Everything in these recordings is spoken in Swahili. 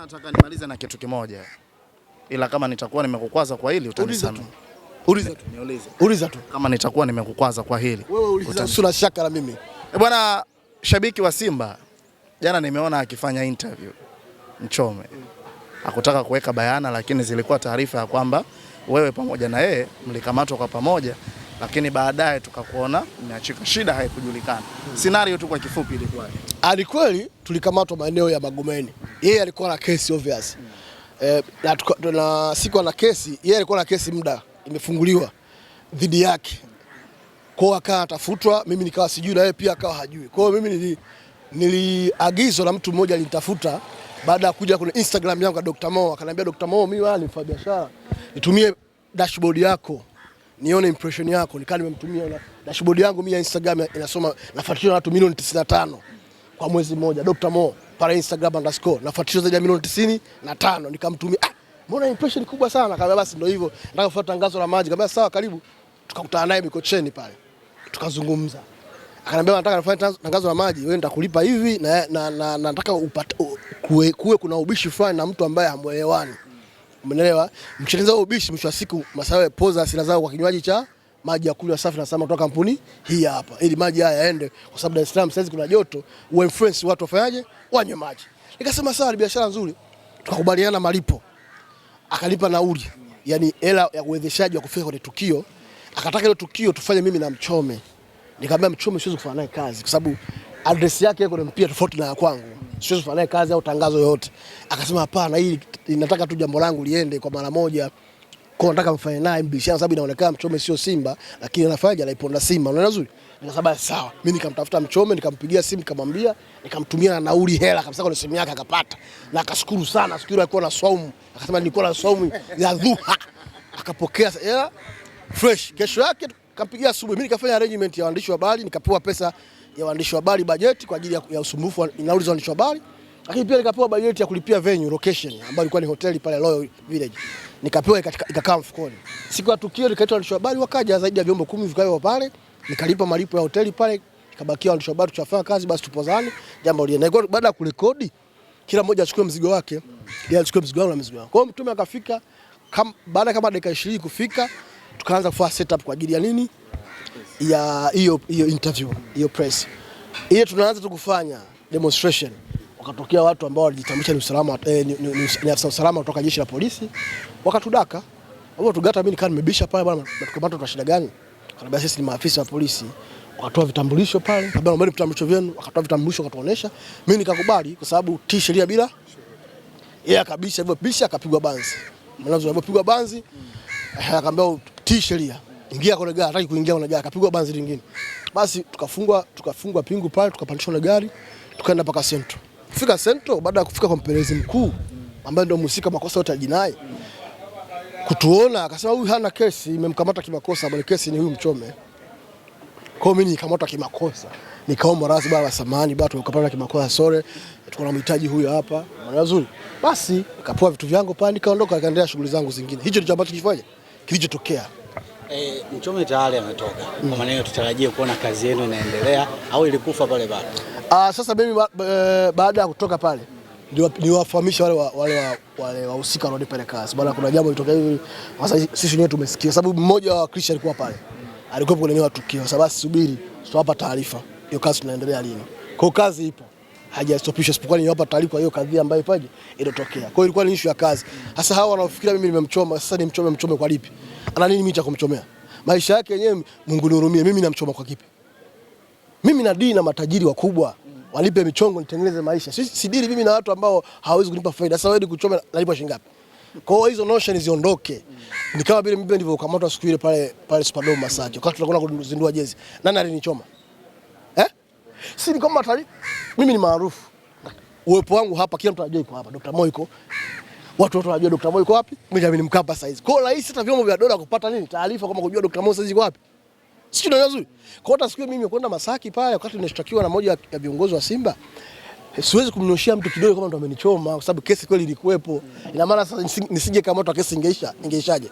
nataka nimalize na kitu kimoja, ila kama nitakuwa nimekukwaza kwa hili utanisamehe. Uliza tu, niulize. Uliza tu. Kama nitakuwa nimekukwaza kwa hili. Wewe uliza, sina shaka na mimi. E bwana shabiki wa Simba jana nimeona akifanya interview Mchome. Hakutaka kuweka bayana lakini zilikuwa taarifa ya kwamba wewe pamoja na yeye mlikamatwa kwa pamoja lakini baadaye tukakuona mmeachika, shida haikujulikana. Scenario tu kwa kifupi ilikuwa. Alikweli tulikamatwa maeneo ya Magomeni yeye alikuwa na kesi obvious. Eh, na, na siku ana kesi, yeye alikuwa na kesi muda imefunguliwa dhidi yake. Kwa hiyo akawa atafutwa, mimi nikawa sijui na yeye pia akawa hajui. Kwa hiyo mimi niliagizwa na mtu mmoja alinitafuta baada ya kuja kwenye Instagram yangu ya Dr. Mo, akaniambia Dr. Mo, mimi wale nifanya biashara. Nitumie dashboard yako nione impression yako. Nikaa nimemtumia na dashboard yangu mimi ya Instagram inasoma nafuatiliwa na watu milioni 95 kwa mwezi mmoja Dr. Mo pale Instagram underscore nafuatishwa zaidi ya milioni tisini na tano. Nikamtumia ah, mbona impression kubwa sana. Kaambia basi ndio hivyo, nataka kufuata tangazo la maji. Kaambia sawa, karibu. Tukakutana naye Mikocheni pale, tukazungumza. Akaniambia nataka nafanya tangazo la maji, wewe nitakulipa hivi na na, na nataka upate kuwe, kuwe kuna ubishi fulani na mtu ambaye hamuelewani. Umeelewa? Mchenezao ubishi, mwisho wa siku masawe poza hasira zao kwa kinywaji cha maji ya kunywa safi na salama kutoka kampuni hii hapa, ili maji haya yaende, kwa sababu Dar es Salaam sasa kuna joto, wa influence watu wafanyaje, wanywe maji. Nikasema sawa, biashara nzuri, tukakubaliana malipo, akalipa nauli, yani hela ya uwezeshaji wa kufika kwenye tukio. Akataka ile tukio tufanye mimi na Mchome, nikamwambia Mchome siwezi kufanya naye kazi kwa sababu address yake iko mpya tofauti na ya kwangu, siwezi kufanya naye kazi au tangazo yoyote. Akasema hapana, hii inataka tu jambo langu liende kwa mara moja kwa nataka mfanye naye mbishana, yaani sababu inaonekana Mchome sio Simba, lakini anafaja anaiponda Simba, unaona nzuri. Nikasema sawa, mimi nikamtafuta Mchome, nikampigia simu, nikamwambia, nikamtumia na nauli hela kabisa kwa simu yake, akapata na akashukuru sana. Siku ile alikuwa na saumu, akasema nilikuwa na saumu ya dhuha, akapokea hela fresh. Kesho yake tukampigia asubuhi, mimi nikafanya arrangement ya waandishi wa habari, nikapewa pesa ya waandishi wa habari, bajeti kwa ajili ya, ya usumbufu wa nauli za waandishi wa habari lakini pia nikapewa bajeti ya kulipia venue location ambayo ilikuwa ni hoteli pale Royal Village, nikapewa ikakaa mfukoni. Siku ya tukio nikaitwa waandishi wa habari, wakaja zaidi ya vyombo kumi vikao pale, nikalipa malipo ya hoteli pale, ikabakia waandishi wa habari tutafanya kazi basi, tupozani jambo lile. Na Baada ya kurekodi, kila mmoja achukue mzigo wake, yeye achukue mzigo wangu na mzigo wangu. Kwa hiyo mtume akafika kam, baada kama dakika 20 kufika, tukaanza kufanya setup kwa ajili ya nini, ya hiyo hiyo interview hiyo press ile, tunaanza tukufanya demonstration wakatokea watu ambao walijitambulisha ni usalama eh, ni, ni, ni, ni afisa usalama kutoka jeshi la polisi, wakatudaka wao tugata Mimi nikaa nimebisha pale, bwana, mtukamata tuna shida gani? Akaniambia sisi ni maafisa wa polisi. Wakatoa vitambulisho pale, kabla mbele vitambulisho vyenu, wakatoa vitambulisho wakatuonesha. Mimi nikakubali kwa sababu ti sheria bila yeye yeah, kabisa hivyo bisha, akapigwa banzi. Mwanzo alipopigwa banzi mm. akaambia ti sheria ingia kwenye gari, hataki kuingia kwenye gari, akapigwa banzi lingine. Basi tukafungwa tukafungwa pingu pale, tukapandishwa na gari tukaenda mpaka sentro. Kufika Central baada ya kufika kwa mpelelezi mkuu ambaye ndio mhusika makosa yote ya jinai kutuona, akasema huyu hana kesi, imemkamata kimakosa, bali kesi ni huyu Mchome. Kwa mimi nikamata kimakosa, nikaomba radhi, baba samani, baba tumekapata kimakosa, sore, tuko na mhitaji huyu hapa, maana nzuri. Basi nikapoa vitu vyangu pale, nikaondoka, nikaendelea shughuli zangu zingine. Hicho ndicho ambacho kilifanya kilichotokea. E, eh, Mchome tayari ametoka mm. Kwa maana hiyo tutarajie kuona kazi yenu inaendelea au ilikufa pale pale? Ah, sasa mimi ba, ba, baada ya kutoka pale niwafahamisha wale wale wale wahusika wanaonipeleka kazi, bwana, kuna jambo litokea hivi sasa, sisi wenyewe tumesikia, sababu mmoja wa Wakristo alikuwa pale, alikuwa kwenye eneo la tukio. Sasa basi subiri, tutawapa taarifa hiyo kazi tunaendelea lini. Kwa kazi ipo hajastopishwa isipokuwa niwapa taarifa hiyo kadhi ambayo ipaje ilitokea. Kwa hiyo ilikuwa ni issue ya kazi. Sasa hawa wanaofikiria mimi nimemchoma, sasa ni mchome mchome kwa lipi? Ana nini mimi cha kumchomea? Maisha yake yenyewe Mungu nihurumie, mimi namchoma kwa kipi? Mimi na dini na matajiri wakubwa. walipe michongo nitengeneze maisha. Sisi si mimi na watu ambao hawawezi kunipa faida. Sasa wewe kuchoma nalipa shilingi ngapi? Kwa hiyo hizo notion ziondoke. Ni kama vile mimi ndivyo kamatwa siku ile pale pale Superdome Masaki. Wakati tunakwenda kuzindua jezi. Nani alinichoma? Si ni kwamba mimi ni maarufu. Uwepo wangu hapa kila mtu anajua yuko hapa. Dr. Moi yuko. Watu wote wanajua Dr. Moi yuko wapi? Benjamin Mkapa saizi. Kwa hiyo rahisi hata vyombo vya dola kupata nini? Taarifa kama kujua Dr. Moi saizi yuko wapi? Sio ndio nzuri. Kwa hata siku mimi kwenda Masaki pale wakati ninashtakiwa na moja ya viongozi wa Simba. Eh, siwezi kumnyoshia mtu kidole kama mtu amenichoma kwa sababu kesi kweli ilikuwepo. Ina maana sasa nisije kama mtu kesi ingeisha, ingeishaje?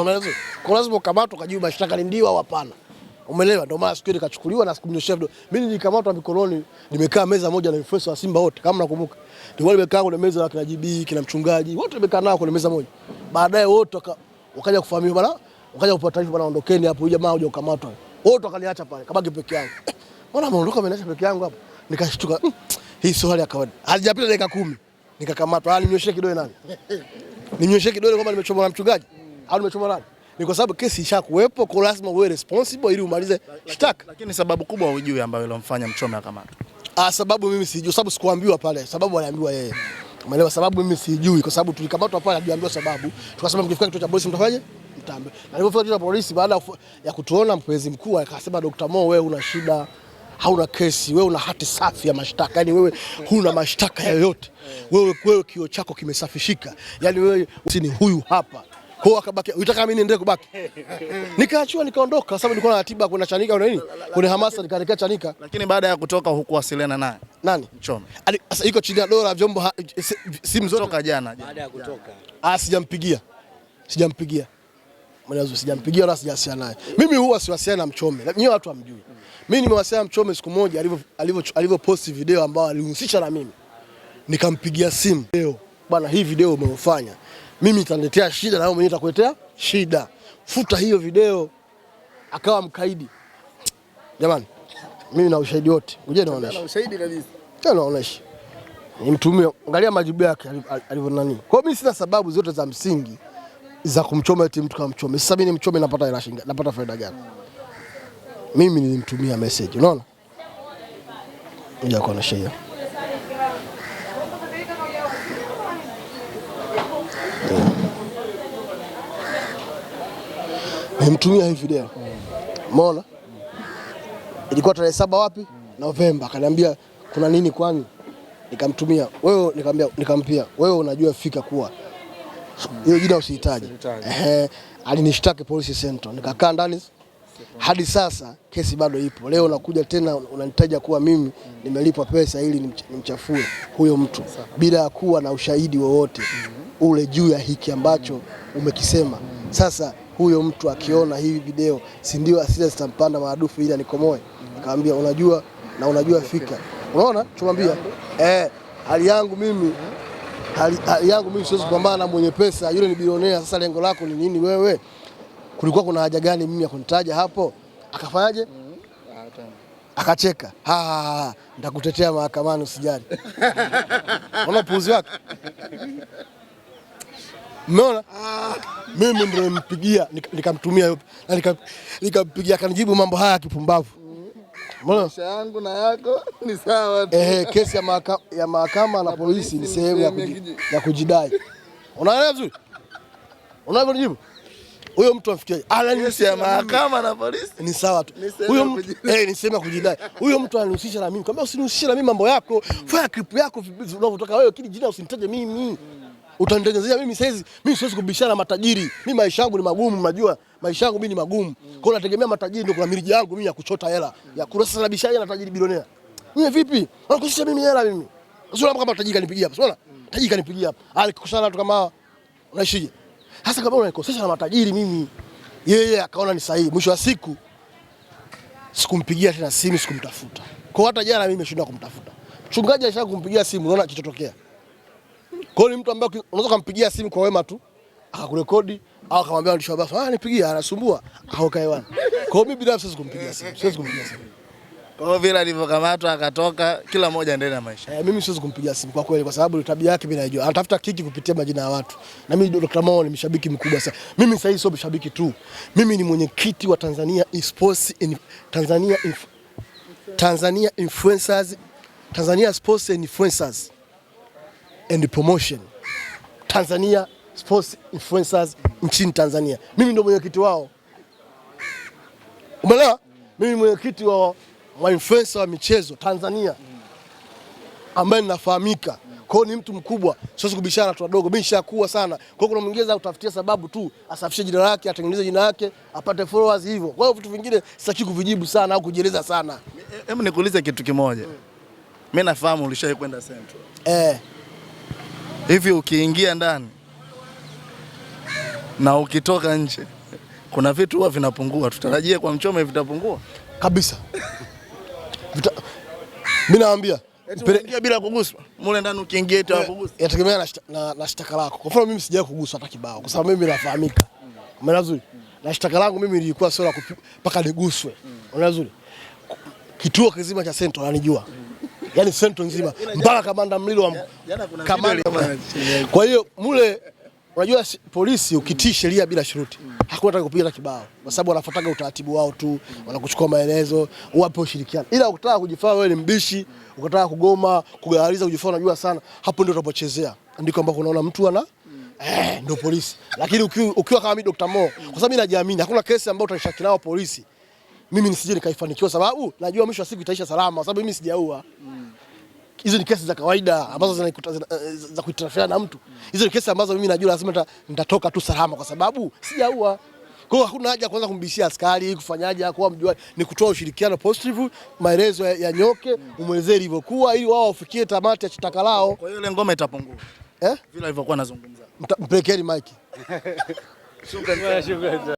Unaelewa? Kwa lazima ukamatwe ukajibu mashtaka ndio au hapana. Umeelewa? Ndio maana siku ile kachukuliwa na sikumnyoshia video. Mimi nilikamatwa mikononi, nimekaa meza moja na influencer wa Simba wote kama nakumbuka. Ndio wale wamekaa kwenye meza na kina JB, kina mchungaji, wote wamekaa nao kwenye meza moja. Baadaye wote wakaja kufahamiwa bana, wakaja kupata taarifa bana, ondokeni hapo, huyu jamaa huja kukamatwa. Wote wakaniacha pale, kabaki peke yangu. Mbona ameondoka ameniacha peke yangu hapo? Nikashtuka. Mm, hii sio hali ya kawaida. Halijapita dakika kumi nikakamatwa. Ah, yaani nimnyoshie kidole nani? Nimnyoshie kidole kwamba nimechomwa na mchungaji au nimechomwa nani? ni kwa sababu kesi ishakuwepo, kwa lazima uwe responsible ili umalize shtaka. Lakini sababu kubwa hujui ambayo ilomfanya Mchome akamatwe. Ah, sababu mimi sijui, sababu sikuambiwa pale, sababu aliambiwa yeye. Umeelewa? Sababu mimi sijui, kwa sababu tulikamatwa pale, aliambiwa sababu, tukasema mkifika kituo cha polisi mtafanye Mtambe. Alipofika kituo cha polisi, baada ya kutuona mpenzi mkuu akasema, Dr. Mo, wewe una shida hauna kesi, wewe una hati safi ya mashtaka, yani wewe huna mashtaka yoyote, wewe wewe kio chako kimesafishika, yani wewe si ni huyu hapa. Kwa akabaki, unataka mimi niendelee kubaki. Nikaachua nikaondoka sababu nilikuwa na ratiba kuna Chanika na nini? Kuna Hamasa nikaelekea Chanika. Lakini baada ya kutoka huko, hukuwasiliana naye. Nani? Mchome. Sasa iko chini ya dola vyombo simu zote toka jana. Baada ya kutoka. Ah, sijampigia. Sijampigia. Mwanzo sijampigia wala sijawasiliana naye. Mimi huwa siwasiliana na Mchome. Nyewe watu hamjui. Mimi nimewasiliana Mchome siku moja alivyo alivyo alivyo post video ambayo alihusisha na mimi. Nikampigia simu. Leo bwana, hii video umeofanya mimi itaniletea shida na wewe mwenyewe itakuletea shida. Futa hiyo video. Akawa mkaidi. Jamani, mimi na ushahidi wote. Uje naonesha. Na ushahidi kabisa. Tena naonesha. Nimtumie, angalia majibu yake alivyo nani. Kwa mimi sina sababu zote za msingi za kumchoma eti mtu kama mchome. Sasa mimi ni mchome napata hela shilingi, napata faida gani? Mimi nilimtumia message, unaona? Ndio kwa na share. nimemtumia hii video. Umeona? Ilikuwa tarehe saba wapi? Novemba. Akaniambia kuna nini kwani? Nikamtumia. Wewe nikamwambia nikampia. Wewe unajua fika kuwa hiyo jina usihitaji. Eh, alinishtaki polisi center, Nikakaa ndani hadi sasa kesi bado ipo. Leo unakuja tena unanitaja kuwa mimi nimelipwa pesa ili nimchafue huyo mtu bila ya kuwa na ushahidi wowote mm-hmm. ule juu ya hiki ambacho umekisema. Sasa huyo mtu akiona hivi video, si ndio asira zitampanda maradufu ili anikomoe? Nikamwambia unajua na unajua fika, unaona chomwambia eh, hali yangu mimi hali, hali yangu mimi siwezi kupambana na mwenye pesa yule, ni bilionea. Sasa lengo lako ni nini wewe? Kulikuwa kuna haja gani mimi ya kunitaja hapo? Akafanyaje? Akacheka, nitakutetea mahakamani, usijali. Unaona upuuzi wake. Umeona? Mimi ndio nimpigia nikamtumia na nikampigia akanijibu mambo haya ya kipumbavu. Maisha yangu na yako ni sawa tu. Eh, kesi ya mahakama ya mahakama na polisi ni sehemu ya kuji, ya kujidai. Unaelewa vizuri? Unaelewa jibu? Huyo mtu afikirie ala ni kesi ya mahakama na polisi ni sawa tu. Huyo mtu eh, ni sehemu ya kujidai. Huyo mtu ananihusisha na mimi. Kwambia usinihusishe na mimi mambo yako. Fanya clip yako unavyotaka wewe, kile jina usinitaje mimi utanitengenezea mimi saizi. Mimi siwezi kubishana matajiri, Mimi maisha yangu ni magumu, unajua maisha yangu mimi ni magumu mm. Kwao nategemea matajiri ndio kuna mirija yangu mimi ya kuchota hela ya kurasa na bishana na tajiri bilionea mimi vipi, wanakushia mimi hela mimi sio kama tajiri kanipigia hapa, sio tajiri kanipigia hapa, Alikukusana ah, na watu kama unaishije Sasa kama unaikosesha na matajiri mimi, yeye akaona ni sahihi. Mwisho wa siku sikumpigia tena simu, sikumtafuta. Kwa hata jana mimi nimeshindwa kumtafuta mchungaji, alisha kumpigia simu, naona kichotokea kwa hiyo ni mtu ambaye unaweza kumpigia simu kwa wema tu akakurekodi au akamwambia ndio shabasa, ah, nipigie anasumbua au ah, kae bwana. Kwa hiyo mimi binafsi siwezi kumpigia simu, siwezi kumpigia simu. Kwa hiyo vile alivyokamatwa akatoka, kila mmoja endelee na maisha. Eh, mimi siwezi kumpigia simu kwa kweli, kwa sababu tabia yake mimi najua. anatafuta kiki kupitia majina ya watu, na mimi Dr. Mao ni mshabiki mkubwa sana. Mimi sasa hivi sio mshabiki tu, mimi ni mwenyekiti wa Tanzania Esports in Tanzania Inf Tanzania Influencers Tanzania Sports Influencers and Promotion Tanzania Sports Influencers nchini Tanzania. Mimi ndo mwenyekiti wao, umeelewa? Mimi mwenyekiti wa influencer wa michezo Tanzania ambaye ninafahamika kwao, ni mtu mkubwa, siwezi kubishana tu wadogo. Mimi nishakuwa sana, kwa hiyo kuna mwingine utafutia sababu tu asafishe jina lake, atengeneze jina lake, apate followers hivyo. Kwa hiyo vitu vingine sitaki kuvijibu sana au kujieleza sana. Hebu nikuulize kitu kimoja, mm. mimi nafahamu ulishawahi kwenda Central. Eh hivi ukiingia ndani na ukitoka nje kuna vitu huwa vinapungua. Tutarajie kwa Mchome vitapungua kabisa. Vita... mimi naambia Pere... bila kuguswa mule ndani, ukiingia eti kuguswa eh, yategemea na, na shtaka lako. Kwa mfano mimi sijawahi kuguswa hata kibao, kwa sababu mimi nafahamika umeona na shtaka langu mimi lilikuwa sio la kupaka niguswe, umeona kituo kizima cha Sento ananijua mm yani sento nzima mpaka kamanda mlilo wa kamanda. Kwa hiyo mule unajua polisi ukitii sheria bila shuruti hakuna taka kupiga kibao, kwa sababu wanafuataga utaratibu wao tu, wanakuchukua maelezo, uwape ushirikiano. Ila ukitaka kujifaa wewe ni mbishi, ukitaka kugoma, kugaliza, kujifaa unajua sana, hapo ndio utapochezea, ndiko ambako unaona mtu ana eh, ndio polisi. Lakini ukiwa kama mimi Dr. Mo, kwa sababu mimi najiamini, hakuna kesi ambayo utaishakinao polisi mimi nisije nikaifanikiwa, sababu najua mwisho wa siku itaisha salama, sababu mimi sijaua. Hizo mm. ni kesi za kawaida ambazo eh, za kuitarafiana na mtu. Hizo mm. ni kesi ambazo mimi najua lazima nitatoka tu salama, kwa sababu sijaua. Kwa hakuna haja kwanza kumbishia askari kufanyaje, kwa mjua ni kutoa ushirikiano positive, maelezo ya nyoke mm. umwelezee ilivyokuwa ili wao wafikie tamati ya chitaka lao. Kwa hiyo ile ngoma itapungua. Eh? Vile alivyokuwa anazungumza. Mpelekeni mike. Shukrani.